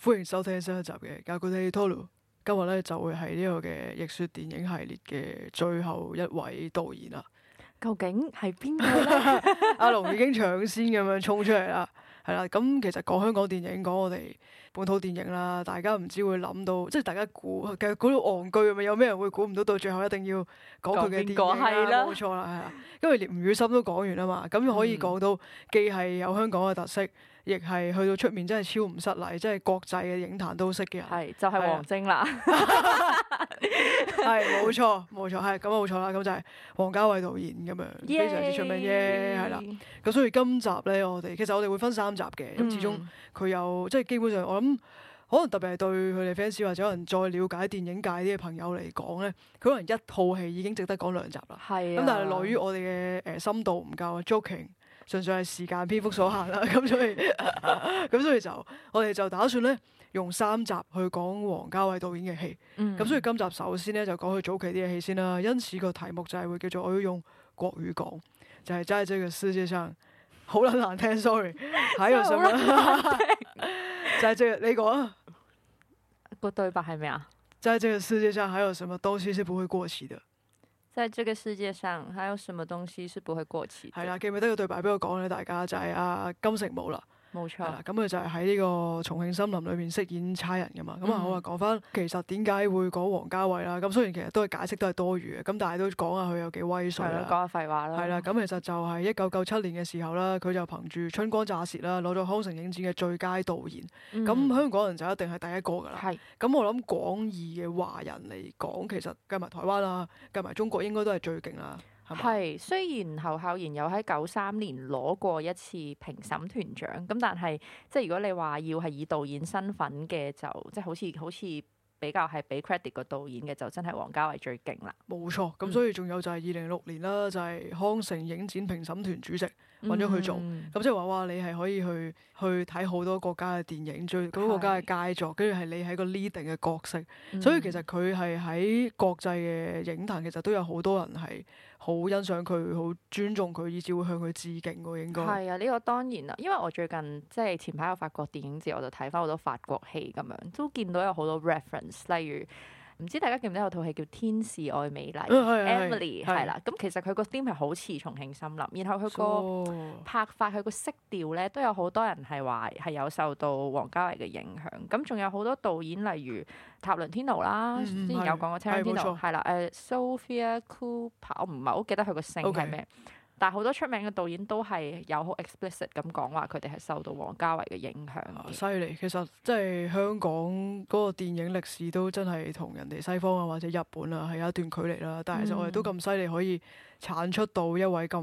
歡迎收聽新一集嘅《教佢睇套路》。今日咧就會係呢個嘅《逆說電影系列》嘅最後一位導演啦。究竟係邊個咧？阿龍已經搶先咁樣衝出嚟啦，係啦。咁其實講香港電影，講我哋本土電影啦，大家唔知會諗到，即係大家估，其實估到戇居，咪有咩人會估唔到？到最後一定要講佢嘅究竟 電影、啊、啦，冇錯啦，係啦。因為連吳宇森都講完啦嘛，咁可以講到既係有香港嘅特色。亦係去到出面，真係超唔失禮，真係國際嘅影壇都識嘅人。就係、係、王晶啦，係冇錯冇錯，係咁啊，冇錯啦，咁就係王家衞導演咁樣 Yeah 非常之出名啫。係、yeah, 啦。咁所以今集咧，我哋其實我哋會分三集嘅，咁始終佢有即係基本上我諗，可能特別係對佢哋 fans 或者可能再了解電影界啲嘅朋友嚟講咧，佢可能一套戲已經值得講兩集啦。係咁，但係來於我哋嘅誒深度唔夠，joking。純粹係時間篇幅所限啦，咁所以咁 所以就我哋就打算咧用三集去講王家衛導演嘅戲，咁、嗯、所以今集首先咧就講佢早期啲嘅戲先啦。因此個題目就係會叫做我要用國語講，就係、是《在這個世界上》，好撚難聽，sorry。 還有什麼？ 在這個你講個對白係咩啊？在這個世界上，還有什麼東西是不會過期的？在這個世界上，還有什麼東西是不會過期的？係啦，記唔記得個對白俾我講咧？大家就係、是、啊，金城武啦。冇錯，咁佢、嗯、就係喺呢個《重慶森林》裏面飾演差人噶嘛，咁啊好啊，講翻其實點解會講王家衞啦？咁雖然其實都係解釋都係多餘嘅，咁但係都講下佢有幾威水啦。講、嗯、下廢話咯。係啦，咁、嗯、其實就係一九九七年嘅時候啦，佢就憑住《春光乍泄》啦攞咗康城影展嘅最佳導演，咁香港人就一定係第一個㗎啦。係、嗯。咁我諗廣義嘅華人嚟講，其實計埋台灣啦，計埋中國應該都係最勁啦。係，雖然侯孝賢有喺九三年攞過一次評審團獎，咁但係即係如果你話要係以導演身份嘅，就即係好似好似比較係俾 credit 個導演嘅，就真係王家衞最勁啦。冇錯，咁所以仲有就係二零六年啦，嗯、就係康城影展評審團主席。搵咗佢做，咁即係話哇！你係可以去去睇好多國家嘅電影，最嗰個國家嘅佳作，跟住係你喺個 leading 嘅角色。Mm-hmm. 所以其實佢係喺國際嘅影壇，其實都有好多人係好欣賞佢、好尊重佢，以至會向佢致敬喎。應該係啊，呢、這個當然啦，因為我最近即係前排有法國電影節，我就睇翻好多法國戲咁樣，都見到有好多 reference，例如。唔知大家記唔記得有套戲叫《天使愛美麗》，Emily 係啦，咁其實佢個 theme 係好似《重慶森林》，嗯，然後佢個拍法佢個、嗯、色調咧都有好多人係話係有受到王家衞嘅影響，咁仲有好多導演例如《塔倫天奴》啦，之前有講過《塔倫天奴》係啦，誒 Sophia Cooper，我唔係好記得佢個姓係咩。Okay 但係好多出名嘅導演都係有好 explicit 咁講話，佢哋係受到王家衛嘅影響、啊。犀利，其實即係香港嗰個電影歷史都真係同人哋西方啊或者日本啊係有一段距離啦。但係其實我哋都咁犀利，可以產出到一位咁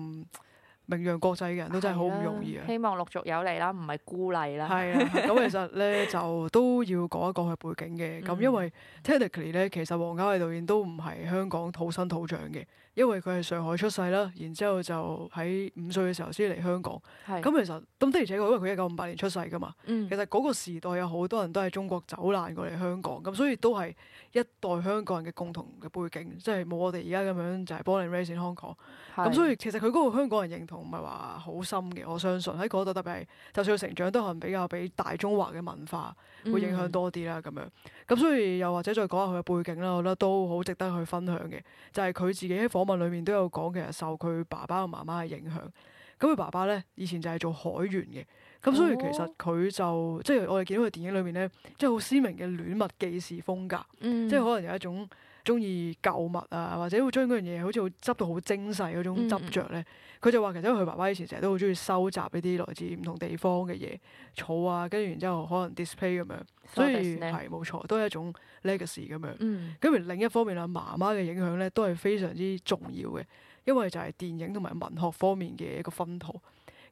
名揚國際嘅人都真係好唔容易啊！希望陸續有嚟啦，唔係孤例啦。係啊的，咁 其實咧就都要講一講佢背景嘅。咁、嗯、因為 technically 咧，其實王家衛導演都唔係香港土生土長嘅。因為佢係上海出世啦，然之後就喺五歲嘅時候先嚟香港。咁是其實，咁的而且確，因為佢一九五八年出世噶嘛。嗯、其實嗰個時代有好多人都係中國走難過嚟香港，咁所以都係一代香港人嘅共同嘅背景，即係冇我哋而家咁樣就係 Born and raised in Hong Kong。咁，所以其實佢嗰個香港人認同唔係話好深嘅，我相信喺嗰度特別係，就算佢成長都可能比較比大中華嘅文化會影響多啲啦咁、嗯、樣。咁所以又或者再講下佢嘅背景啦，我覺得都好值得去分享嘅，就係、是、佢自己喺我問裏面都有講，其實受佢爸爸同媽媽嘅影響。咁佢爸爸咧，以前就係做海員嘅。咁所以其實佢就、哦、即係我哋見到佢電影裏面咧，即係好鮮明嘅戀物記事風格，嗯、即係可能有一種。中意舊物啊，或者會將嗰樣嘢好似好執到好精細嗰種執著咧，佢、嗯、就話其實佢爸爸以前成日都好中意收集呢啲來自唔同地方嘅嘢，草啊，跟住然之後可能 display 咁樣，So 所以係冇 's、right. 錯都係一種 legacy 咁樣。咁而、嗯、另一方面啦，媽媽嘅影響咧都係非常之重要嘅，因為就係電影同埋文學方面嘅一個薰陶。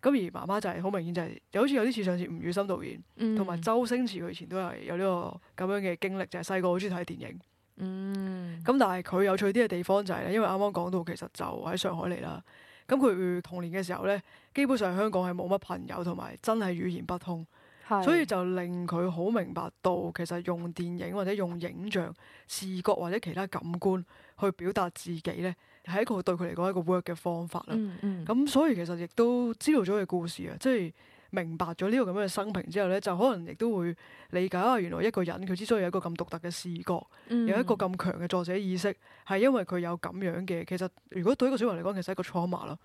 咁而媽媽就係、是、好明顯就係、是，好似有啲似上次吳宇森導演，同埋、嗯、周星馳佢以前都係有呢個咁樣嘅經歷，就係細個好中意睇電影。嗯，咁但係佢有趣啲嘅地方就係咧，因為啱啱講到其實就喺上海嚟啦，咁佢童年嘅時候咧，基本上香港係冇乜朋友，同埋真係語言不通，是所以就令佢好明白到，其實用電影或者用影像、視覺或者其他感官去表達自己咧，係一個對佢嚟講一個 work 嘅方法啦。咁、嗯嗯、所以其實亦都知道咗佢故事啊，即係。明白咗呢個咁樣嘅生平之後咧，就可能亦都會理解啊！原來一個人佢之所以有一個咁獨特嘅視覺，嗯、有一個咁強嘅作者意識，係因為佢有咁樣嘅。其實如果對一個小人嚟講，其實係一個 trauma 啦。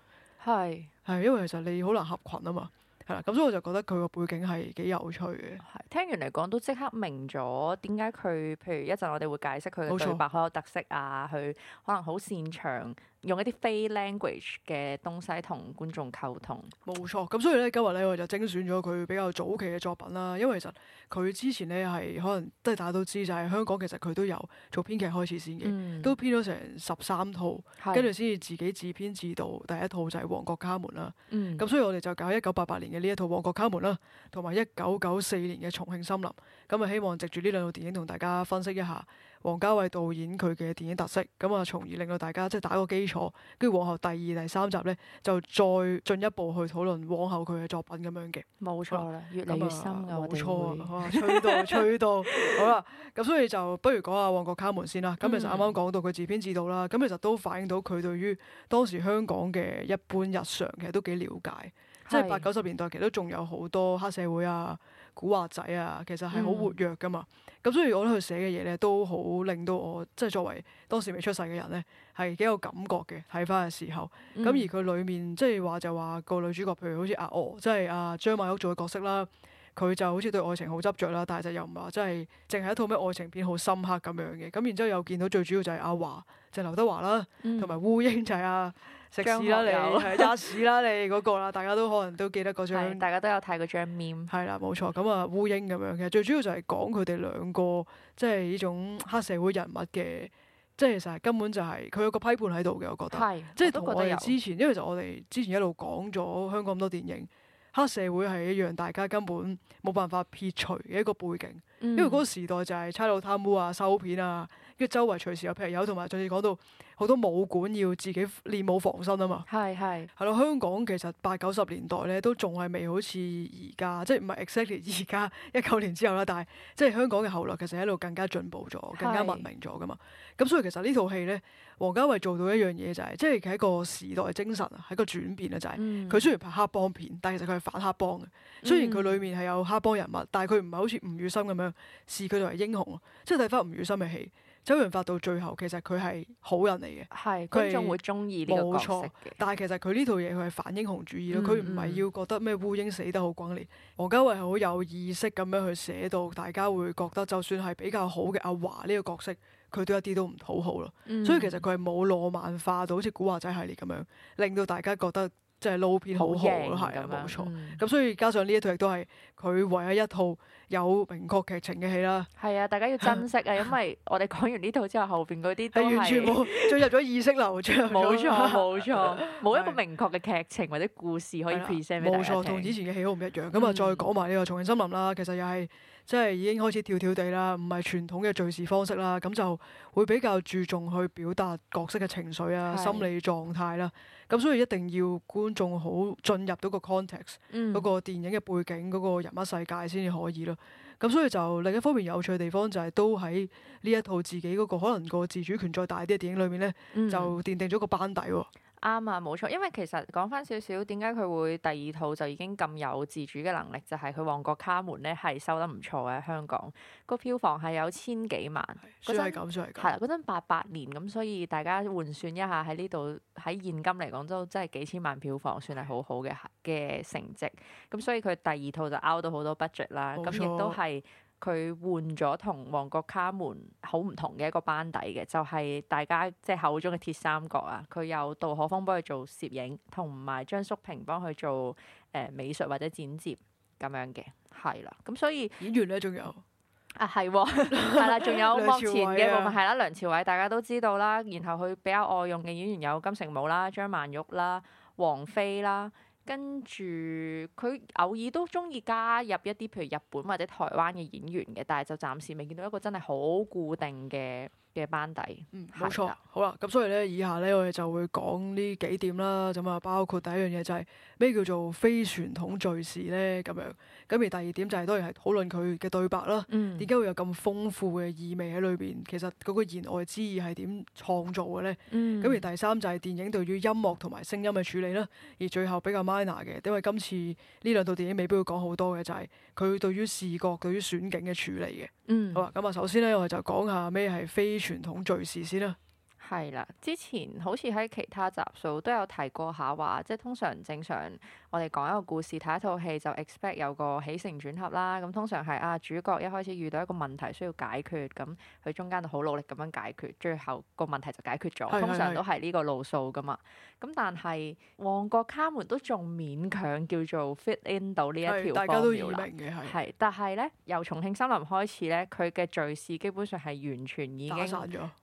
係係是，因為其實你好難合群啊嘛。係啦，咁所以我就覺得佢個背景係幾有趣嘅。係聽完嚟講都即刻明咗點解佢，譬如一陣我哋會解釋佢嘅對白好錯有特色啊，佢可能好擅長。用一啲非 language 嘅東西同觀眾溝通。冇錯，咁所以咧今日咧我就精選咗佢比較早期嘅作品啦。因為其實佢之前咧係可能都係大家都知，就係香港其實佢都有做編劇開始先嘅，嗯、都編咗成十三套，是跟住先至自己自編自導第一套就係《旺角卡門》啦。咁、嗯、所以我哋就搞一九八八年嘅呢一套《旺角卡門》啦，同埋一九九四年嘅《重慶森林》。咁啊，希望藉住呢兩套電影同大家分析一下。王家衛導演佢嘅電影特色，咁啊，從而令到大家即係打個基礎，跟住往後第二、第三集咧，就再進一步去討論往後佢嘅作品咁樣嘅。冇錯啦，吧越嚟越深冇錯就我哋會。吹到吹到,到， 好啦，咁所以就不如講下《旺角卡門》先啦。咁其實啱啱講到佢自編自導啦，咁、嗯、其實都反映到佢對於當時香港嘅一般日常其實都幾了解，是即係八九十年代其實都仲有好多黑社會啊。古惑仔啊，其實係好活躍噶嘛，咁、嗯、所以我覺得佢寫嘅嘢咧都好令到我，即係作為當時未出世嘅人咧，係幾有感覺嘅。睇翻嘅時候，咁、嗯、而佢裏面即係話就話個女主角，譬如好似阿娥，即係阿張曼玉做嘅角色啦。佢就好似對愛情好執着啦，但係就又唔係話，即係淨係一套咩愛情片好深刻咁樣嘅。咁然之後又見到最主要就係阿華，就係、劉德華、嗯啊、啦，同埋烏蠅仔啊，食你 屎啦你，揸屎啦你嗰個啦，大家都可能都記得嗰張。大家都有睇過張面。係啦，冇錯。咁啊，烏蠅咁樣嘅，最主要就係講佢哋兩個，即係呢種黑社會人物嘅，即、就、係、是、其實根本就係、是、佢有個批判喺度嘅，我覺得。即係同我哋之前，因為就我哋之前一路講咗香港咁多電影。黑社會係一樣，大家根本冇辦法撇除嘅一個背景。因為嗰個時代就係差佬貪污啊、收片啊，跟住周圍隨時有劈友，同埋仲要講到好多武館要自己練武防身啊嘛。係係係咯，香港其實八九十年代咧都仲係未好似而家，即係唔係 exactly 而家一九年之後啦，但係即係香港嘅後來其實喺度更加進步咗、更加文明咗㗎嘛。咁是所以其實呢套戲咧，王家衞做到一樣嘢就係、是，即係一個時代精神啊，係個轉變啊、就是，就係佢雖然拍黑幫片，但係其實佢係反黑幫嘅。雖然佢裏面係有黑幫人物，但係佢唔係好似吳宇森咁樣。視佢哋為英雄咯，即係睇翻吳宇森嘅戲，周潤發到最後其實佢係好人嚟嘅，觀眾是會中意呢個角色嘅。但係其實佢呢套嘢佢係反英雄主義咯，佢唔係要覺得咩烏蠅死得好轟烈，王家衛係好有意識咁樣去寫到大家會覺得就算係比較好嘅阿華呢個角色，佢都一啲都唔討好咯。嗯嗯，所以其實佢係冇浪漫化到好似古惑仔系列咁樣，令到大家覺得。即係老片好好啦，係啊，冇的錯。咁、嗯、所以加上呢一套亦都係佢唯一一套有明確劇情嘅戲啦。係啊，大家要珍惜啊，因為我哋講完呢套之後，後邊嗰啲都完全冇進 入咗意識流暢。冇錯，冇錯，冇 一個明確嘅劇情或者故事可以 present 俾大家，冇錯，同以前嘅戲好唔一樣。咁啊，再講埋呢個《重慶森林》啦，其實又係。即係已經開始跳跳地啦，唔係傳統嘅敘事方式啦，咁就會比較注重去表達角色嘅情緒啊、是心理狀態啦。咁所以一定要觀眾好進入到個 context，嗰、嗯、個電影嘅背景、嗰、嗰個人物世界先至可以咯。咁所以就另一方面有趣嘅地方就係都喺呢一套自己嗰個可能個自主權再大啲嘅電影裏面咧，嗯、就奠定咗個班底喎、哦。啱啊，冇錯，因為其實講翻少少，點解佢會第二套就已經咁有自主嘅能力，就係、是、佢旺角卡門咧係收得唔錯嘅，香港個票房係有千幾萬，真啦嗰陣八八年咁，所以大家換算一下喺呢度喺現今嚟講都真係幾千萬票房算係好好嘅嘅成績，咁所以佢第二套就 out 到好多 budget 啦，咁亦都係。佢換咗同旺角卡門好唔同嘅一個班底嘅，就係、是、大家即係口中嘅鐵三角啊！佢有杜可風幫佢做攝影，同埋張叔平幫佢做、呃、美術或者剪接咁樣嘅，係啦。咁所以演員咧仲有啊，係喎，係啦，仲有目前嘅部分係啦 偉、啊，梁朝偉大家都知道啦。然後佢比較愛用嘅演員有金城武啦、張曼玉啦、王菲啦。嗯跟住佢偶爾都鍾意加入一啲譬如日本或者台灣嘅演員嘅，但係就暫時未見到一個真係好固定嘅嘅班底，嗯，冇錯，的好啦，咁所以咧，以下咧，我哋就會講呢幾點啦，咁啊，包括第一樣嘢就係、是、咩叫做非傳統敘事咧，咁樣，咁而第二點就係、是、當然係討論佢嘅對白啦，點解、嗯、會有咁豐富嘅意味喺裏邊？其實嗰個言外之意係點創造嘅咧？咁而、嗯、第三就係電影對於音樂同埋聲音嘅處理啦，而最後比較 minor 嘅，因為今次呢兩套電影未必會講好多嘅，就係、是、佢對於視覺對於選景嘅處理嘅，嗯、好啦，咁啊，首先咧，我哋就講下咩係非傳統敘事先啦。係啦，之前好似喺其他集數都有提過下話，即係通常正常我哋講一個故事睇一套戲就 expect 有個起承轉合啦。咁通常係啊，主角一開始遇到一個問題需要解決，咁佢中間就好努力咁樣解決，最後個問題就解決咗。通常都係呢個路數噶嘛。咁但係旺角卡門都仲勉強叫做 fit in 到呢一條。係，大家都易明嘅係。係，但係咧由重慶森林開始咧，佢嘅敘事基本上係完全已經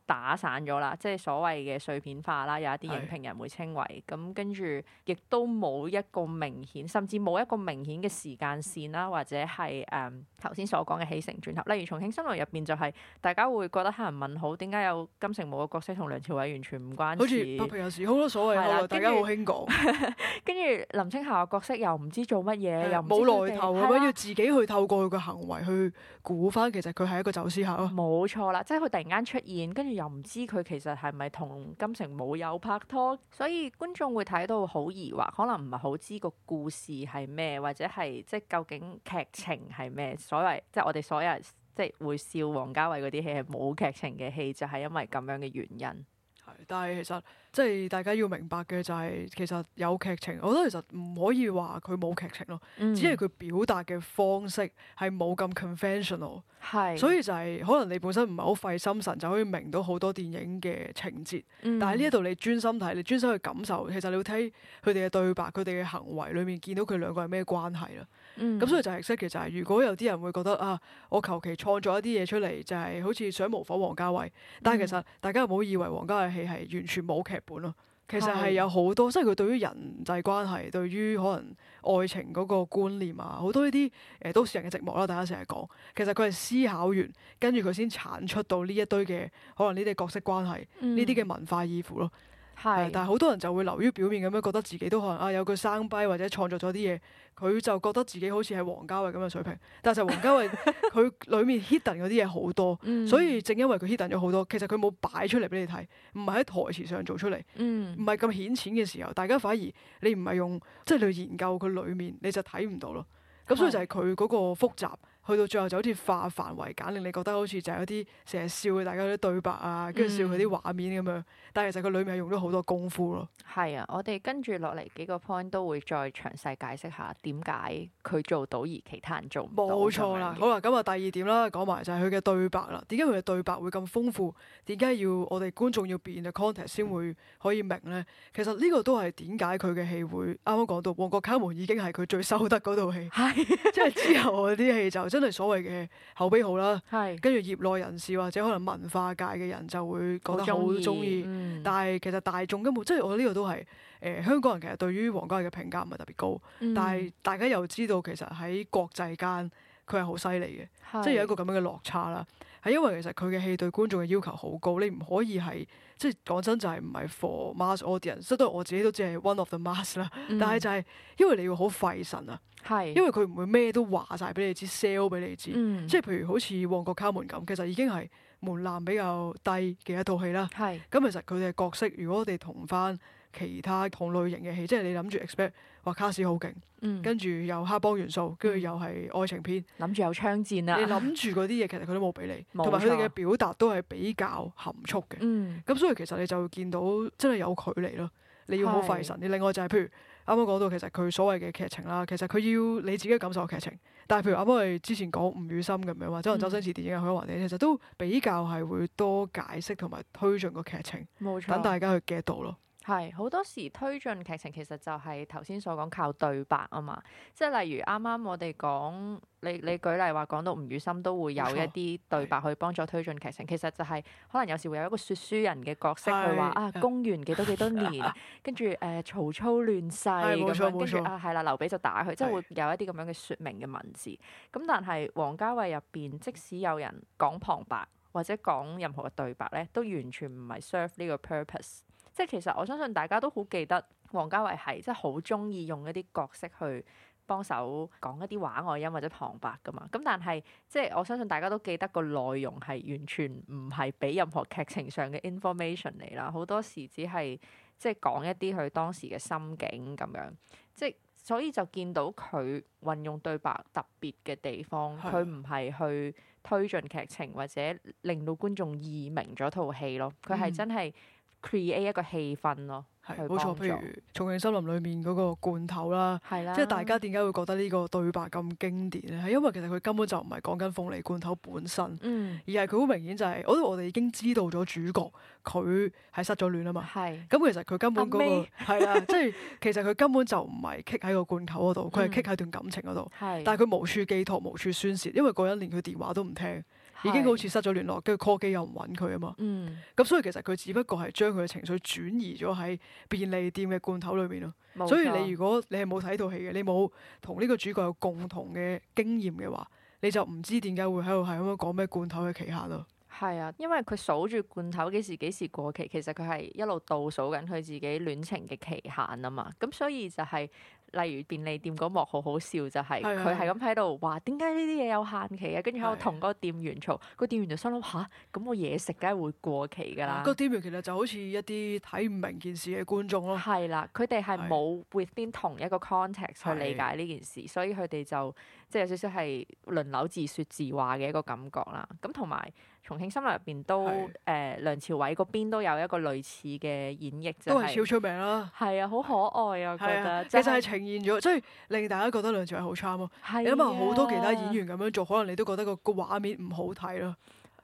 打散咗啦，即係所謂嘅碎片化啦，有一啲影評人會稱為咁，跟住對亦都冇一個明顯，甚至冇一個明顯嘅時間線啦，或者係誒頭先所講嘅起承轉合。例如，就是《重慶森林》入邊就係大家會覺得黑人問好點解有金城武嘅角色同梁朝偉完全唔關？好似有時，好多所謂，了大家好興講。跟住 林青霞嘅角色又唔知做乜嘢，對又冇來頭，要自己去透過佢嘅行為去估翻，其實佢係一個走私客咯。冇錯啦，即係佢突然間出現，跟住。又唔知佢其實係咪同金城武有拍拖，所以觀眾會睇到好疑惑，可能唔係好知個故事係咩，或者係即係究竟劇情係咩？所謂即係我哋所有人即係會笑王家衛嗰啲戲係冇劇情嘅戲就係因為咁樣嘅原因。係，但係其實即係大家要明白嘅就係、是、其實有劇情，我覺得其實唔可以話佢冇劇情咯，嗯、只係佢表達嘅方式係冇咁 conventional，係是，所以就係、是、可能你本身唔係好費心神就可以明到好多電影嘅情節，嗯、但係呢一度你專心睇，你專心去感受，其實你會睇佢哋嘅對白、佢哋嘅行為裏面，見到佢兩個係咩關係啦。咁、嗯、所以就係識嘅就係，如果有啲人會覺得啊，我求其創作一啲嘢出嚟，就係、是、好似想模仿王家衛，嗯、但係其實大家唔好以為王家衛戲係完全冇劇本咯，其實係有好多，是即係佢對於人際關係，對於可能愛情嗰個觀念啊，好多呢啲誒都市人嘅寂寞啦，大家成日講，其實佢係思考完，跟住佢先產出到呢一堆嘅可能呢啲角色關係，呢啲嘅文化意符咯。係，是但係好多人就會流於表面咁樣，覺得自己都可能啊有個生胚或者創作咗啲嘢，佢就覺得自己好似係王家衛咁嘅水平。但係實王家衛佢裏面 hidden 嗰啲嘢好多，嗯、所以正因為佢 hidden 咗好多，其實佢冇擺出嚟俾你睇，唔係喺台詞上做出嚟，唔係咁顯淺嘅時候，大家反而你唔係用即係去研究佢裏面，你就睇唔到咯。咁所以就係佢嗰個複雜。去到最後就好似化繁為簡，令你覺得好似就係有啲成日笑嘅大家啲對白啊，跟住笑佢啲畫面咁樣。但係其實佢裏面係用咗好多功夫咯。係啊，我哋跟住落嚟幾個 point 都會再詳細解釋下點解佢做到而其他人做唔到。冇錯啦，好啊，咁啊第二點啦，講埋就係佢嘅對白啦。點解佢嘅對白會咁豐富？點解要我哋觀眾要變嘅 content 先會可以明呢？嗯、其實呢個都係點解佢嘅戲會啱啱講到旺角卡門已經係佢最收得嗰套戲，係即係之後嗰啲戲就。 真係所謂嘅口碑好啦，跟住是業內人士或者可能文化界嘅人就會覺得好中意，嗯、但係其實大眾根本即係我呢度都係誒、呃、香港人其實對於王家衞嘅評價唔係特別高，嗯、但係大家又知道其實喺國際間佢係好犀利嘅，是即係有一個咁樣嘅落差啦。係因為其實佢嘅戲對觀眾嘅要求好高，你唔可以係即係講真就係唔係 for mass audience，即係我自己都只係 one of the mass 啦。嗯、但係就係因為你要好費神啊，係是 因為佢唔會咩都話晒俾你知，sell 俾你知，嗯、即係譬如好似旺角卡門咁，其實已經係門檻比較低嘅一套戲啦。係咁是、嗯、其實佢哋嘅角色，如果我哋同返。其他同類型嘅戲，即係你諗住 expect 話卡士好勁，嗯、跟住又黑幫元素，跟住、嗯、又係愛情片，諗住有槍戰啦。你諗住嗰啲嘢，其實佢都冇俾你，同埋佢哋嘅表達都係比較含蓄嘅。咁、嗯、所以其實你就會見到真係有距離咯。你要好費神，你是另外就係譬如啱啱講到其實佢所謂嘅劇情啦，其實佢要你自己感受劇情。但係譬如啱啱我哋之前講吳宇森咁樣啊，或者、嗯、周星馳電影啊，佢啲華啲，其實都比較係會多解釋同埋推進個劇情，等錯大家去 get 到咯。係好多時推進劇情，其實就係頭先所講靠對白啊嘛，即係例如啱啱我哋講你你舉例話講到吳宇森都會有一啲對白去幫助推進劇情，錯其實就係可能有時會有一個説書人嘅角色佢話是啊，公元幾多幾多年， 跟住誒、呃、曹操亂世跟住著錯啊係啦，劉備就打佢，是即係會有一啲咁樣嘅説明嘅文字。咁的但係王家衛入邊，即使有人講旁白或者講任何嘅對白咧，都完全唔係 serve 呢個 purpose。即係其實我相信大家都好記得王家衞係即係好中意用一啲角色去幫手講一啲畫外音或者旁白㗎嘛。咁但係即係我相信大家都記得個內容係完全唔係俾任何劇情上嘅 information 嚟啦。好多時只係即係講一啲佢當時嘅心境咁樣。即係所以就見到佢運用對白特別嘅地方，佢唔係去推進劇情或者令到觀眾易明咗套戲咯。佢係真係，嗯 create 一個氣氛咯，係冇是錯。譬如《重慶森林》裏面嗰個罐頭啦，係啦，即係大家點解會覺得呢個對白咁經典咧？係因為其實佢根本就唔係講緊鳳梨罐頭本身，嗯，而係佢好明顯就係、是，我覺得我哋已經知道咗主角佢係失咗戀啊嘛，係是。咁其實佢根本嗰、那個係、啊、啦，即係 其實佢根本就唔係 kick 喺個罐頭嗰度，佢係 kick 喺段感情嗰度，是但係佢無處寄託，無處宣泄，因為嗰日連佢電話都唔聽。已經好似失咗聯絡，跟住 call 機又唔搵佢啊嘛。嗯，咁所以其實佢只不過係將佢嘅情緒轉移咗喺便利店嘅罐頭裏面咯。冇錯。所以你如果你係冇睇套戲嘅，你冇同呢個主角有共同嘅經驗嘅話，你就唔知點解會喺度係咁樣講咩罐頭嘅期限咯。係啊，因為佢數住罐頭幾時幾時過期，其實佢係一路倒數緊佢自己戀情嘅期限啊嘛。咁所以就係。例如便利店嗰幕好好笑，就係，就係佢係咁喺度話點解呢啲嘢有限期啊？跟住喺度同個店員嘈，是的 個店員就心諗嚇，咁個嘢食梗係會過期㗎啦。個店員其實就好似一啲睇唔明件事嘅觀眾咯。係啦，佢哋係冇 within 同一個 context 是的 去理解呢件事，所以佢哋就即係有少少係輪流自説自話嘅一個感覺啦。咁同埋。重慶森林入邊都誒是、呃，梁朝偉嗰邊都有一個類似嘅演繹，就係、都係超出名啦，係啊，好可愛啊，啊我覺得其實係呈現咗，即係令大家覺得梁朝偉好慘啊。係，因為好多其他演員咁樣做，可能你都覺得個個畫面唔好睇咯。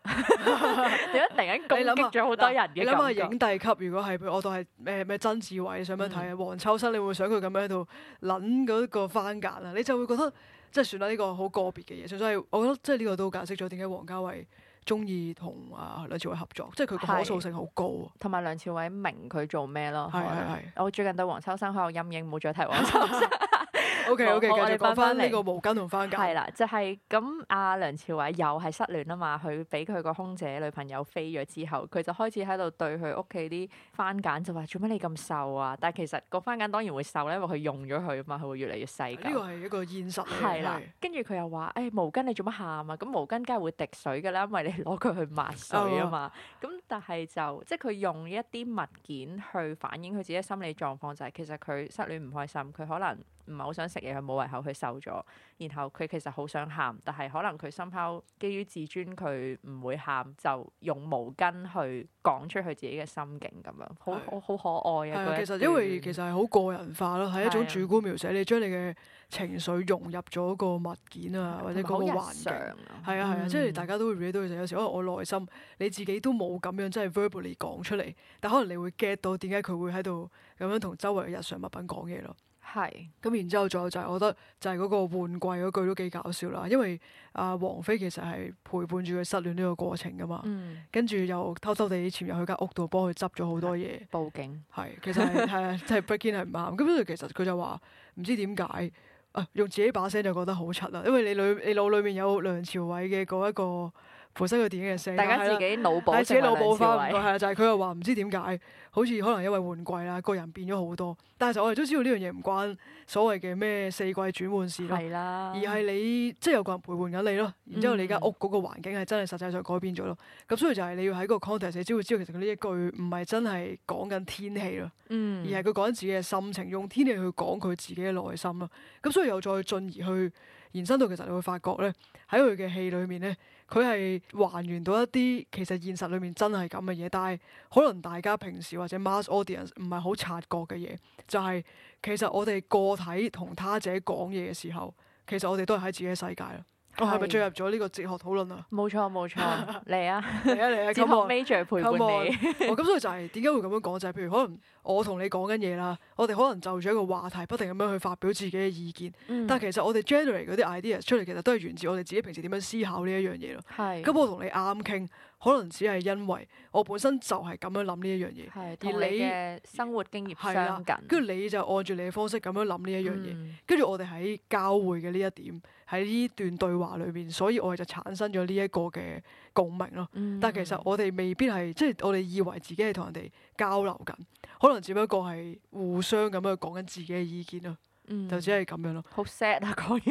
你一 突然咁激咗好多人嘅感覺？你諗下影帝級，如果係我都係誒咩曾志偉，想唔想睇啊？黃秋生，你會，會想佢咁樣喺度攆嗰個番梘啊？你就會覺得即係算啦，呢、呢個好個別嘅嘢。所以，我覺得即係呢個都解釋咗點解王家衛。中意同啊梁朝偉合作，即係佢個可塑性好高啊！同埋梁朝偉明佢做咩咯。係係係，我最近對黃秋生好有陰影，冇再睇黃秋生。 O K，O K，繼續講翻呢個毛巾同番梘係啦，就係、是、咁。阿梁朝偉又係失戀啊嘛，佢俾佢個空姐女朋友飛咗之後，佢就開始喺度對佢屋企啲番梘就話：做乜你咁瘦啊？但係其實個番梘當然會瘦咧，因為佢用咗佢啊嘛，佢會越嚟越細㗎。呢個係一個現實係啦。跟住佢又話：誒、哎、毛巾你做乜喊啊？咁毛巾梗係會滴水㗎啦，因為你攞佢去抹水啊嘛。咁、哦、但係就即係佢用一啲物件去反映佢自己心理狀況，就係、是、其實佢失戀唔開心，佢可能。唔係好想食嘢，佢冇胃口，佢瘦咗。然後佢其實好想喊，但係可能佢深秋基於自尊，佢唔會喊，就用毛巾去講出佢自己嘅心境咁樣，好好的可愛嘅、啊。的其實因為其實係好個人化咯，係的一種主觀描寫。你將你嘅情緒融入咗個物件啊，的或者嗰個環境。係啊係啊，的嗯、即係大家都會 read 到嘅時候，有時可能我內心你自己都冇咁樣，即係 verbally 講出嚟，但可能你會 get 到點解佢會喺度咁樣同周圍嘅日常物品講嘢咯。係，咁然之後仲有就係、是，我覺得就係嗰個換季嗰句都幾搞笑啦，因為阿、呃、王菲其實係陪伴住佢失戀呢個過程㗎嘛，嗯、跟住又偷偷地潛入去間屋度幫佢執咗好多嘢，報警係，其實係係 break in 係唔啱，咁所以其實佢就話唔知點解啊，用自己把聲就覺得好柒啦，因為你裏你腦裏面有梁朝偉嘅嗰一個。本身個電影嘅寫，大家自己腦補吧自己腦補翻嚟係啊，就係、是、佢又話唔知點解，好似可能因為換季啦，個人變咗好多。但係實我哋都知道呢樣嘢唔關所謂嘅咩四季轉換事咯，啦而係你即係、就是、有個人陪伴緊你咯，然之後你間屋嗰個環境係真係實際上改變咗咯。咁、嗯、所以就係你要喺個 context 寫之後，知道其實呢一句唔係真係講緊天氣咯，嗯、而係佢講緊自己嘅心情，用天氣去講佢自己嘅內心咯。咁所以又再進而去延伸到，其實你會發覺咧，喺佢嘅戲裏面咧。佢係還原到一啲其實現實裏面真係咁嘅嘢，但係可能大家平時或者 mass audience 唔係好察覺嘅嘢，就係、是、其實我哋個體同他者講嘢嘅時候，其實我哋都係喺自己嘅世界啦。是我係咪進入咗呢個哲學討論啊？冇錯冇錯，嚟啊嚟啊嚟啊！哲學 major 陪伴你。咁、 oh，所以就係點解會咁樣講啫？就係、譬如可能。我同你講緊嘢啦，我哋可能就住一個話題，不停咁樣去發表自己嘅意見。嗯、但其實我哋 generate 嗰啲 ideas 出嚟，其實都係源自我哋自己平時點樣思考呢一樣嘢咯。咁是我同你啱傾，可能只係因為我本身就係咁樣諗呢一樣嘢。而你嘅生活經驗相近，跟住你，你就按住你嘅方式咁樣諗呢一樣嘢。跟住、嗯、我哋喺交會嘅呢一點，喺呢段對話裏邊，所以我哋就產生咗呢一個嘅。共鳴咯，但其實我哋未必係，即係我哋以為自己係同人哋交流緊，可能只不過係互相咁樣講緊自己嘅意見咯，嗯、就只係咁樣咯。好 sad 啊！講完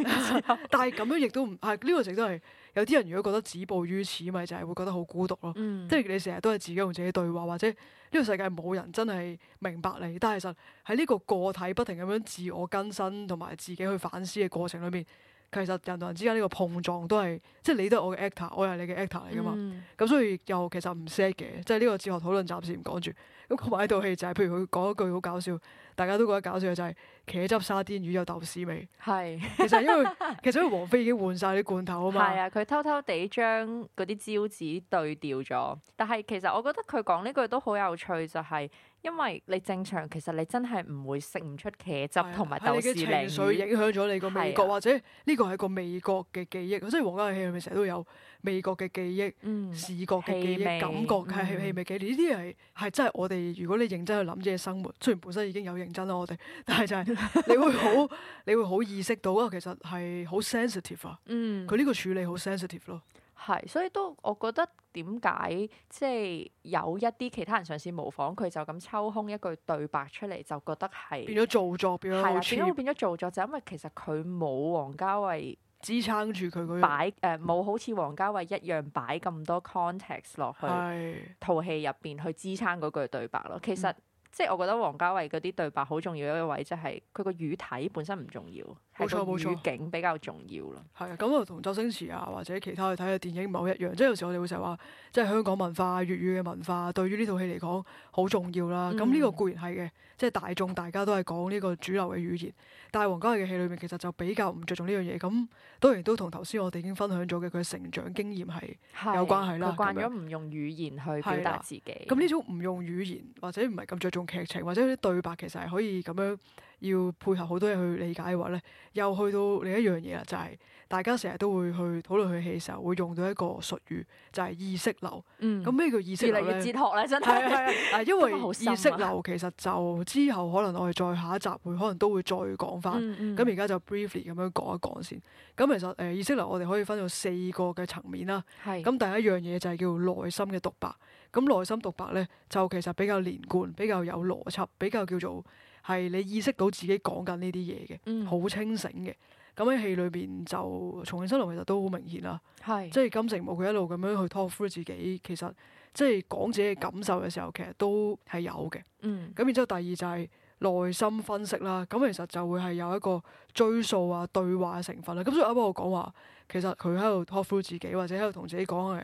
之後 但係咁樣亦都唔係呢個亦都係有啲人如果覺得止步於此咪就係、是、會覺得好孤獨咯，嗯、即係你成日都係自己同自己對話，或者呢個世界冇人真係明白你。但係其實喺呢個個體不停咁樣自我更新同埋自己去反思嘅過程裏邊。其實人同人之間呢個碰撞都係，即係你都係我嘅 actor，我又係你嘅 actor 嚟噶嘛。咁、嗯、所以又其實唔 sad 嘅，即係呢個哲學討論暫時唔講住。咁同埋呢套戲就係、是，譬如佢講一句好搞笑，大家都覺得搞笑嘅就係、是。茄汁沙甸魚有豆豉味，係是， 其實因為其實因為王菲已經換晒啲罐頭啊嘛，係啊，佢偷偷地將嗰啲招紙對調咗，但係其實我覺得佢講呢句都好有趣，就係、是、因為你正常其實你真係唔會食唔出茄汁同埋豆豉味，啊、情緒影響咗你個味覺，啊、或者呢個係個味覺嘅記憶，所以王家衛戲裏面成日都有味覺嘅記憶，嗯、視覺嘅記憶，味感覺嘅氣味記憶，呢啲係係真係我哋如果你認真去諗自己嘅生活，雖然本身已經有認真啦，我哋，但係就係、是。 你會好，你會好意識到啊，其實係好 sensitive 啊。嗯，佢呢個處理好 sensitive 咯。係，所以都我覺得點解即係有一啲其他人嘗試模仿佢，就咁抽空一句對白出嚟，就覺得係變咗做作變，變咗係變咗做作，就因為其實佢冇王家衛支撐住佢，佢擺誒冇好似王家衛一樣擺咁多 context 落、嗯、去套戲入邊去支撐嗰句對白咯。其實。嗯即係我覺得王家衛嗰啲對白好重要嘅一個位，即係佢個語體本身唔重要。冇錯冇錯，景比較重要啦。係啊，咁啊同周星馳啊或者其他去睇嘅電影唔係一樣。即係有時我哋會成日話，即係香港文化、粵語嘅文化對於呢套戲嚟講好重要啦。咁呢、嗯、個固然係嘅，即係大眾大家都係講呢個主流嘅語言。但係王家衛嘅戲裏面其實就比較唔着重呢樣嘢。咁當然都同頭先我哋已經分享咗嘅佢嘅成長經驗係有關係啦。佢慣咗唔用語言去表達自己。咁呢種唔用語言或者唔係咁着重劇情或者啲對白，其實係可以咁樣。要配合好多嘢去理解嘅話咧，又去到另一樣嘢啦，就係大家成日都會去討論佢嘅戲嘅時候，會用到一個術語，就係意識流。嗯，咁咩叫意識流？越嚟越哲學啦，真係。係 因為意識流其實就之後可能我哋再下一集會，可能都會再講翻。咁而家就 briefly 咁樣講一講先。咁其實誒意識流我哋可以分到四個嘅層面啦。咁是第一樣嘢就係叫內心嘅獨白。咁內心獨白咧，就其實比較連貫，比較有邏輯，比較叫做。係你意識到自己講緊呢啲嘢嘅，好、嗯、清醒嘅。咁喺戲裏邊就《重慶森林》其實都好明顯啦，是即係金城武佢一路咁樣去 talk through 自己，其實即係講自己嘅感受嘅時候，其實都係有嘅。咁、嗯、然之後第二就係內心分析啦。咁其實就會係有一個追溯啊、對話嘅成分啦。咁所以阿波我講話，其實佢喺度 talk through 自己，或者喺度同自己講誒。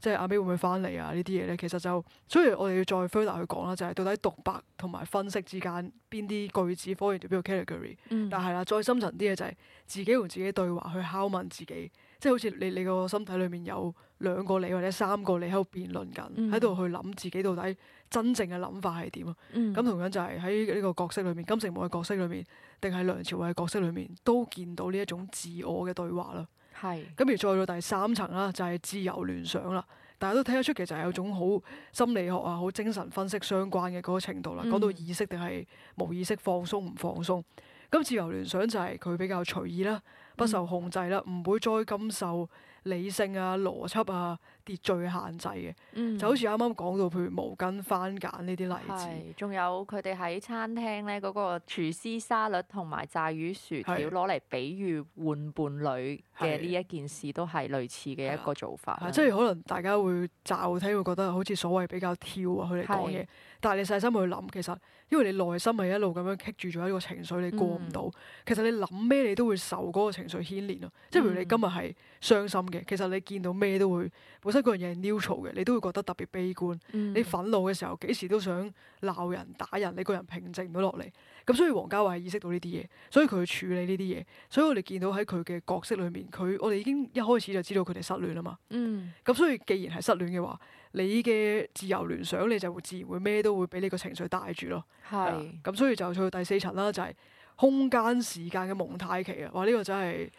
即係阿 May 會唔會翻嚟啊？呢啲嘢咧，其實就，所以我哋要再 further 去講啦，就係、是、到底獨白同埋分析之間邊啲句子，可以掉邊個 category？、嗯、但係啦，再深層啲嘢就係、是、自己同自己對話，去拷問自己，即係好似你你個身體裏面有兩個你或者三個你喺度辯論緊，喺度、嗯、去諗自己到底真正嘅諗法係點啊？咁、嗯、同樣就係喺呢個角色裏面，金城武嘅角色裏面，定係梁朝偉嘅角色裏面，都見到呢一種自我嘅對話啦。係，咁是而再到第三層啦，就係、是、自由聯想啦。大家都睇得出，其實係有種好心理學啊、好精神分析相關嘅嗰個程度啦。講、嗯、到意識定係無意識，放鬆唔放鬆。咁自由聯想就係佢比較隨意啦，不受控制啦，唔、嗯、會再感受理性啊、邏輯啊秩序限制嘅。嗯、就好似啱啱講到，譬如毛巾、番梘呢啲例子。仲有佢哋喺餐廳咧，嗰個廚師沙律同埋炸魚薯條攞嚟比喻換伴侶。嘅呢一件事都係類似嘅一個做法，即係、就是、可能大家會驟睇會覺得好似所謂比較挑啊，佢哋講嘢。是的 但係你細心去諗，其實因為你內心係一路咁樣棘住咗一個情緒，你過唔到、嗯。其實你諗咩你都會受嗰個情緒牽連咯。即係譬如你今日係傷心嘅，其實你見到咩都會本身嗰樣嘢係 neutral 嘅，你都會覺得特別悲觀，嗯、你憤怒嘅時候幾時都想鬧人打人，你個人平靜唔到落嚟。咁所以王家衛意識到呢啲嘢，所以佢處理呢啲嘢。所以我哋見到喺佢嘅角色裏面。佢我哋已經一開始就知道佢哋失戀啊嘛，咁、嗯、所以既然係失戀嘅話，你嘅自由聯想你就會自然會咩都會俾你個情緒帶住咯，咁是所以就去到第四層啦，就係、是、空間時間嘅蒙太奇啊，話呢、這個真係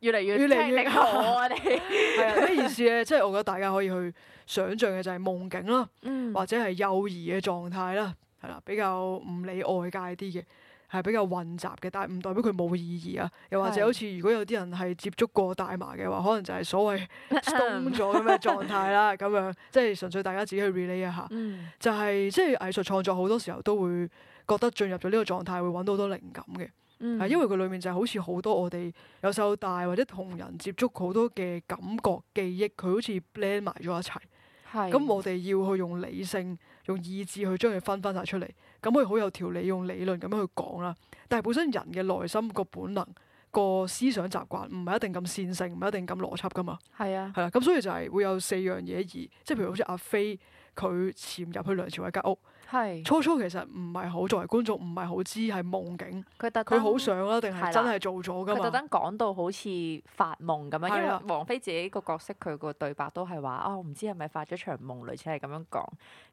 越嚟越犀利好。我哋係啊，咩意思咧？即係 我覺得大家可以去想象嘅就係夢境啦，嗯、或者係幼兒嘅狀態啦，係啦，比較唔理外界啲嘅。係比較混雜嘅，但係唔代表佢冇意義啊。又或者，好似如果有啲人係接觸過大麻嘅話，可能就係所謂 stone 咗咁嘅狀態啦。咁 樣即係純粹大家自己去 relate 一下，嗯、就係、是、即係藝術創作好多時候都會覺得進入咗呢個狀態，會揾到好多靈感嘅。啊、嗯，因為佢裏面就好似好多我哋由細到大或者同人接觸好多嘅感覺記憶，佢好似 blend 埋咗一齊。咁、嗯、我哋要去用理性、用意志去將佢分翻晒出嚟，咁佢好有條理用理論咁樣去講啦。但係本身人嘅內心個本能、個思想習慣唔係一定咁線性，唔係一定咁邏輯㗎嘛。係啊，係啦、嗯，咁、嗯、所以就係會有四樣嘢而，即係譬如好似阿飛佢潛入去梁朝偉間屋。係是初初其實唔係好作為觀眾唔係好知係夢境，佢特佢好想啊，定係真係做咗噶嘛？佢特登講到好似發夢咁樣，的因為王菲自己個角色佢個對白都係話哦，唔知係咪發咗場夢類，類似係咁樣講。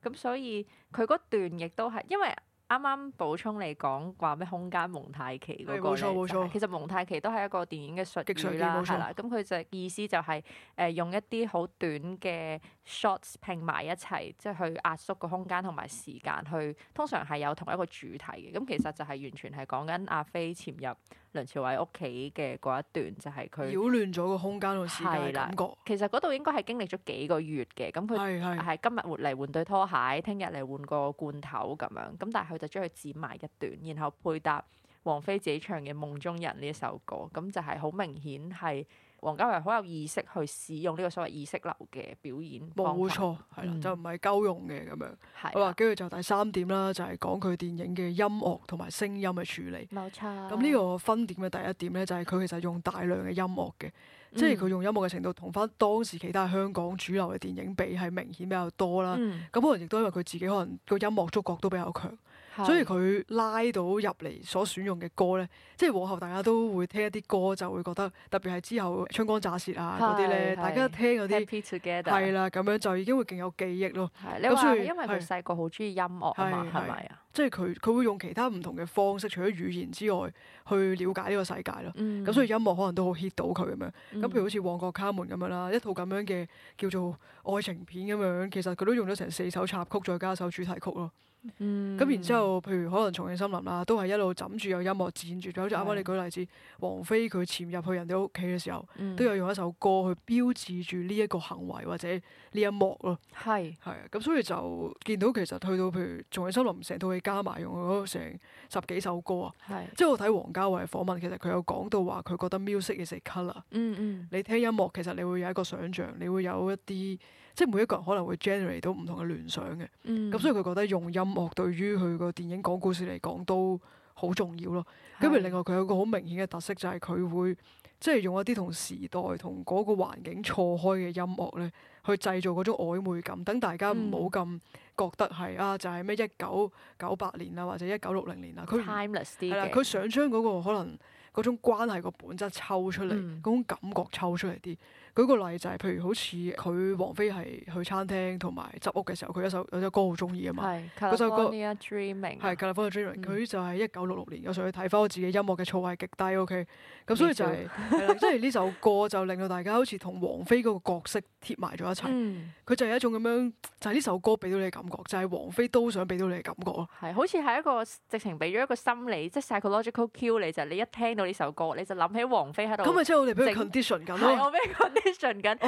咁所以佢嗰段亦都係因為啱啱補充嚟講話咩空間蒙太奇嗰、那個嘢，其實蒙太奇都係一個電影嘅術語啦。係啦，咁佢就意思就係、是、誒、呃、用一啲好短嘅 shots 拼埋一齊，即係去壓縮個空間同埋時間，去通常係有同一個主題嘅。咁其實就係完全係講緊阿菲潛入梁朝偉屋企嘅嗰一段，就係佢擾亂咗個空間同時間嘅感覺。其實嗰度應該係經歷咗幾個月嘅，咁佢係今日嚟換對拖鞋，聽日嚟換個罐頭咁樣。咁但係佢就將佢剪埋一段，然後配搭王菲自己唱嘅《夢中人》呢一首歌，咁就係好明顯係王家衞好有意識去使用呢個所謂意識流嘅表演。冇錯，係啦，嗯、就唔係鳩用嘅咁樣。好啦的，跟住就第三點啦，就係、係、講佢電影嘅音樂同埋聲音嘅處理。冇錯。咁呢個分點嘅第一點咧，就係佢其實用大量嘅音樂嘅，嗯、即係佢用音樂嘅程度同返當時其他香港主流嘅電影比，係明顯比較多啦。咁、嗯、可能亦都因為佢自己可能個音樂觸覺都比較強。所以佢拉到入嚟所選用嘅歌咧，即係往後大家都會聽一啲歌，就會覺得特別係之後春光乍泄啊嗰啲咧，是是大家聽嗰啲係啦，咁樣就已經會勁有記憶咯。咁所以因為佢細個好中意音樂啊嘛，係咪啊？是是即係佢佢會用其他唔同嘅方式，除咗語言之外，去了解呢個世界咯。咁、嗯、所以音樂可能都好 hit 到佢咁樣。咁譬如好似旺角卡門咁樣啦，一套咁樣嘅叫做愛情片咁樣，其實佢都用咗成四首插曲，再加一首主題曲咯。咁、嗯、然之後，譬如可能《重慶森林》啦，都係一路枕住有音樂剪住。就好似啱啱你舉例子，是王菲佢潛入去人哋屋企嘅時候，嗯、都有用一首歌去標誌住呢一個行為或者呢一幕咯，係係啊，咁所以就見到其實去到譬如《重慶森林》成套戲加埋用咗成十幾首歌啊，是即係我睇王家衛訪問，其實佢有講到話佢覺得 music is color，你聽音樂其實你會有一個想像，你會有一啲即係每一個人可能會 generate 到唔同嘅聯想嘅，咁、嗯、所以佢覺得用音樂對於佢個電影講故事嚟講都好重要咯。跟住是另外佢有個好明顯嘅特色就係、是、佢會。即係用一啲同時代同嗰個環境錯開嘅音樂咧，去製造嗰種曖昧感，等大家唔好咁覺得係啊，就係咩一九九八年啊，或者一九六零年啊，佢係啦，佢想將嗰個可能嗰種關係個本質抽出嚟，嗰、嗯、種感覺抽出嚟啲。舉個例就係，譬如好似佢王菲係去餐廳同埋執屋嘅時候，佢一首有首歌好中意啊嘛。嗰是首歌。係《California Dreaming》。是係《California Dreaming》。嗯。佢就係一九六六年嘅，所以睇翻我自己音樂嘅錯位極低 OK。咁所以就係、是，即係呢首歌就令到大家好似同王菲嗰個角色貼埋咗一齊。佢、嗯、就係一種咁樣，就係、是、呢首歌俾到你嘅感覺，就係、是、王菲都想俾到你嘅感覺。係，好似係一個直情俾咗一個心理，即係 psychological cue 你就係你一聽到呢首歌，你就諗起王菲喺度。咁咪即係我哋俾佢 condition 咁咯。 我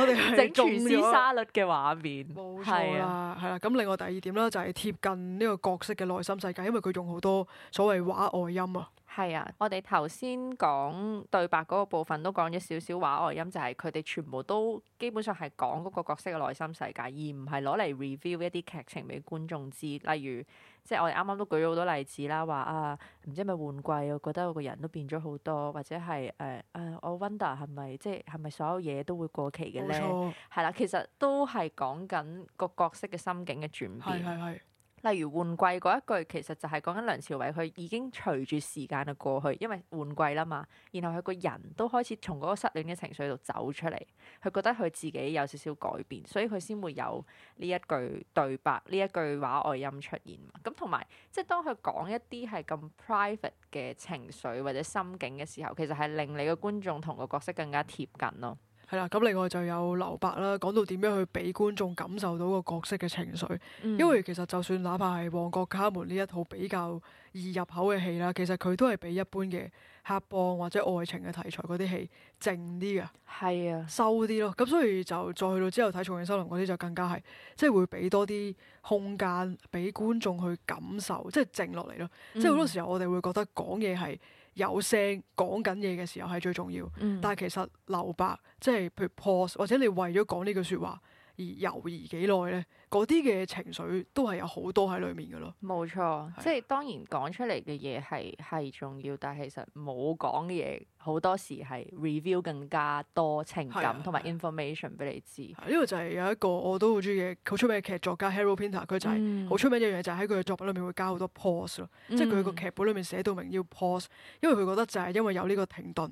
哋整廚師沙律嘅畫面，冇錯啦，係啦。咁另外第二點啦，就係貼近呢個角色嘅內心世界，因為佢用好多所謂畫外音啊。係啊，我哋頭先講對白嗰個部分都講咗少少畫外音，就係佢哋全部都基本上係講嗰個角色嘅內心世界，而唔係攞嚟 review 一啲劇情俾觀眾知，例如。即係我哋啱啱都舉咗好多例子啦，話啊唔知係咪換季，我覺得我個人都變咗好多，或者係誒誒，我 Wonder 係咪即係係咪所有嘢都會過期嘅咧？係啦沒錯，其實都係講緊個角色嘅心境嘅轉變。例如換季嗰一句，其實就係講緊梁朝偉，佢已經隨住時間嘅過去，因為換季啦嘛。然後佢個人都開始從嗰個失戀嘅情緒度走出嚟，佢覺得佢自己有少少改變，所以佢先會有呢一句對白，呢一句話外音出現。咁同埋即係當佢講一啲係咁 private 嘅情緒或者心境嘅時候，其實係令你嘅觀眾同個角色更加貼近咯。係啦，咁另外就有留白啦。講到點樣去俾觀眾感受到個角色嘅情緒，嗯、因為其實就算哪怕係《旺角卡門》呢一套比較易入口嘅戲啦，其實佢都係比一般嘅黑幫或者愛情嘅題材嗰啲戲靜啲㗎。係啊，收啲咯。咁所以就再去到之後睇《重慶森林》嗰啲就更加係，即係會俾多啲空間俾觀眾去感受，即係靜落嚟咯。嗯、即係好多時候我哋會覺得講嘢係，有聲講緊嘢嘅時候係最重要，嗯，但係其實留白，即係譬如 pause，或者你為咗講呢句說話。而猶疑幾耐咧？嗰啲嘅情緒都係有好多喺裡面嘅咯。冇錯，是啊、即係當然講出嚟嘅嘢係係重要，但係其實冇講嘅嘢好多時係 reveal 更加多情感同埋 information 俾、啊啊、你知。呢個、啊、就係有一個我都好中意嘅好出名嘅劇作家 Harold Pinter，佢就係好出名一樣嘢，就係喺佢嘅作品裏面會加好多 pause 咯，嗯、即係佢個劇本裏面寫到明要 pause，因為佢覺得就係因為有呢個停頓。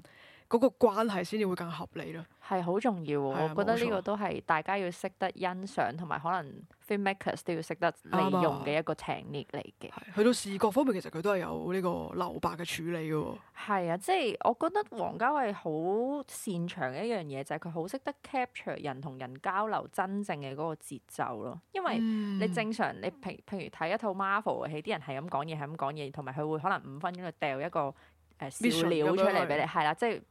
嗰個關係先至會更合理咯，係好重要。啊、我覺得呢個都係大家要識得欣賞同埋可能 film makers 都要識得利用嘅一個 technique 嚟嘅。去到視覺方面，其實佢都係有呢個留白嘅處理嘅。係啊，即、就、係、是、我覺得王家衛好擅長嘅一樣嘢就係佢好識得 capture 人同人交流真正嘅嗰個節奏咯。因為你正常你平譬，譬如睇一套 Marvel 嘅戲，啲人係咁講嘢係咁講嘢，同埋佢會可能五分鐘掉一個誒笑料、呃、出嚟俾你，係啦、嗯，即係、啊。就是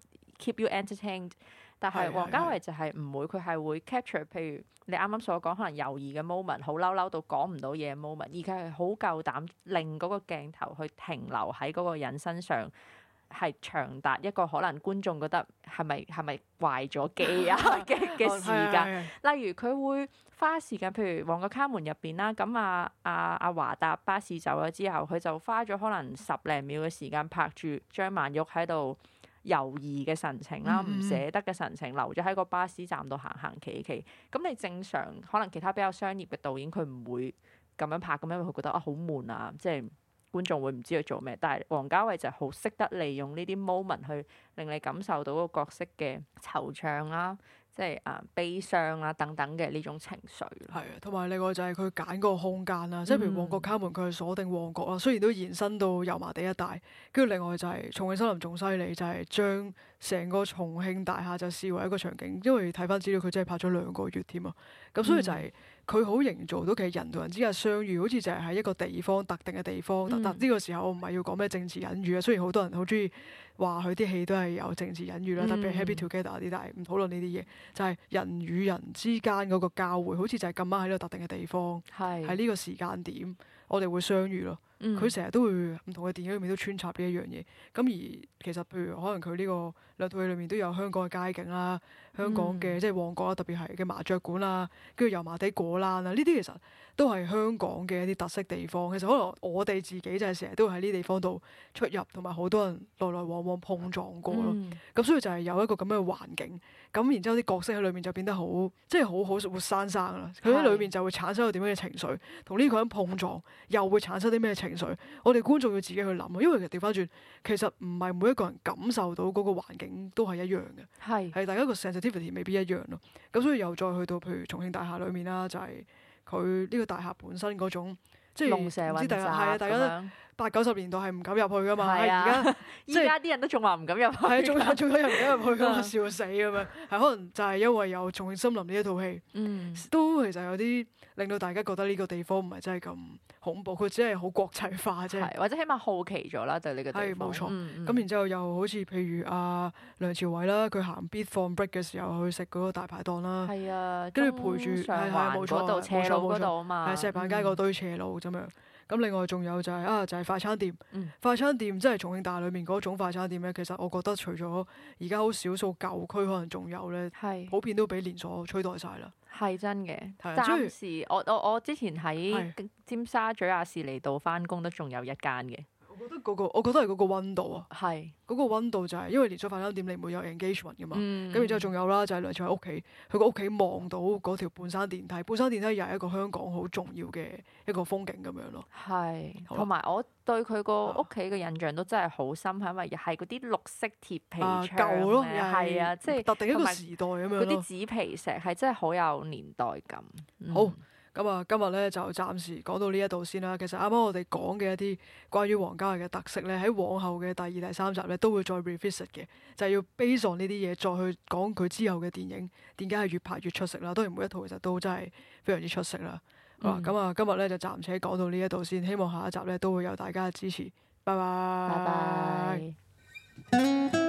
keep you entertained，但係王家衛就係唔會，佢係是會 capture，譬如你啱啱所講，可能猶豫嘅 moment，好嬲嬲到講唔到嘢嘅 moment，而佢係好夠膽令嗰個鏡頭去停留喺嗰個人身上，係長達一個可能觀眾覺得係咪係咪壞咗機啊嘅嘅 時間。例如佢會花時間，譬如《旺角卡門》入邊啦，咁阿阿阿華達巴士走咗之後，佢就花咗可能十零秒嘅時間拍住張曼玉喺度。猶豫嘅神情啦，唔捨得嘅神情，留咗喺個巴士站度行行企企。咁你正常可能其他比較商業嘅導演佢唔會咁樣拍咁，因為佢覺得啊好悶啊，即係觀眾會唔知佢做咩。但係王家衛就好識得利用呢啲 moment 去令你感受到個角色嘅惆悵啦。即係啊，悲傷啊等等嘅呢種情緒。係啊，同埋另外就係佢揀個空間啦，嗯、即係譬如旺角卡門佢係鎖定旺角啊，雖然都延伸到油麻地一帶。跟住另外就係重慶森林仲犀利，就係、是、將成個重慶大廈就視為一個場景，因為睇翻資料佢真係拍咗兩個月添啊。咁、嗯、所以就係、是。佢好營造到其實人同人之間相遇，好似就係喺一個地方特定嘅地方。但但呢個時候，我唔係要講咩政治隱喻啊。雖然好多人好中意話佢啲戲都係有政治隱喻啦，嗯、特別係 Happy Together 啲，但係唔討論呢啲嘢。就係、是、人與人之間嗰個交匯，好似就係咁啱喺呢個特定嘅地方，喺呢是個時間點，我哋會相遇咯。佢成日都會唔同嘅電影裏面都穿插呢一樣嘢。咁而其實譬如可能佢呢、呢個。樂隊裏面都有香港嘅街景啦、啊，香港嘅、嗯、即係旺角啦，特別係嘅麻雀館啦、啊，跟住油麻地果欄啦、啊，呢啲其實都係香港嘅一啲特色地方。其實可能我哋自己就係成日都喺呢啲地方度出入，同埋好多人來來往往碰撞過咯。咁、嗯、所以就係有一個咁嘅環境，咁然之後啲角色喺裏面就變得好，即係好好活生生啦。佢喺裏面就會產生咗點樣嘅情緒，同呢個人碰撞又會產生啲咩情緒？我哋觀眾要自己去諗，因為其實調翻轉，其實唔係每一個人感受到嗰個環境。都係一樣嘅，係是大家個 sensitivity 未必一樣咯。咁所以又再去到譬如重慶大廈裏面啦，就係佢呢個大廈本身嗰種，即係，龍蛇混雜，唔知大家係啊，大家都。八九十年代係唔敢入去噶嘛，而家即係啲人都仲話唔敢入。係啊，仲仲多人唔敢入去，咁啊笑死咁樣。係可能就係因為有《重慶森林》呢一套戲，都其實有啲令到大家覺得呢個地方唔係真係咁恐怖，佢只係好國際化啫，或者起碼好奇咗啦，就呢個地方。冇錯。咁然之後又好似譬如阿梁朝偉啦，佢行 beat 放 break 嘅時候去食嗰個大排檔啦。係啊，跟住陪住，係係冇錯，到斜路度啊嘛，石板街堆斜路咁樣。咁另外仲有就係、是、啊，就係、是、快餐店，嗯、快餐店即係重慶大廈裏面嗰種快餐店咧。其實我覺得除咗而家好少數舊區可能仲有咧，是普遍都俾連鎖取代晒啦。係真嘅，對暫時以我我我之前喺尖沙咀亞士利道翻工都仲有一間嘅。我覺得嗰、那個，我覺得係嗰個温度啊，係嗰是個温度就係、是、因為連鎖快餐店你唔會有 engagement 噶嘛，咁、嗯、然之後仲有啦，就係梁朝偉喺屋企，佢個屋企望到嗰條半山電梯，半山電梯又係一個香港好重要嘅一個風景咁樣咯。係是，同埋、嗯、我對佢個屋企嘅印象都真係好深刻，啊、因為係嗰啲綠色鐵皮牆咧，係啊，是啊即係特定一個時代咁樣有。嗰啲紙皮石係真係好有年代感。嗯、好。咁啊，今日咧就暫時講到呢一度先啦。其實啱啱我哋講嘅一啲關於王家衛嘅特色咧，喺往後嘅第二、第三集咧都會再 revisit 嘅，就係、是、要 base on 呢啲嘢再去講佢之後嘅電影點解係越拍越出色啦。當然每一套其實都真係非常之出色啦。咁啊、嗯，今日咧就暫且講到呢一度先，希望下一集咧都會有大家嘅支持。拜拜，拜拜。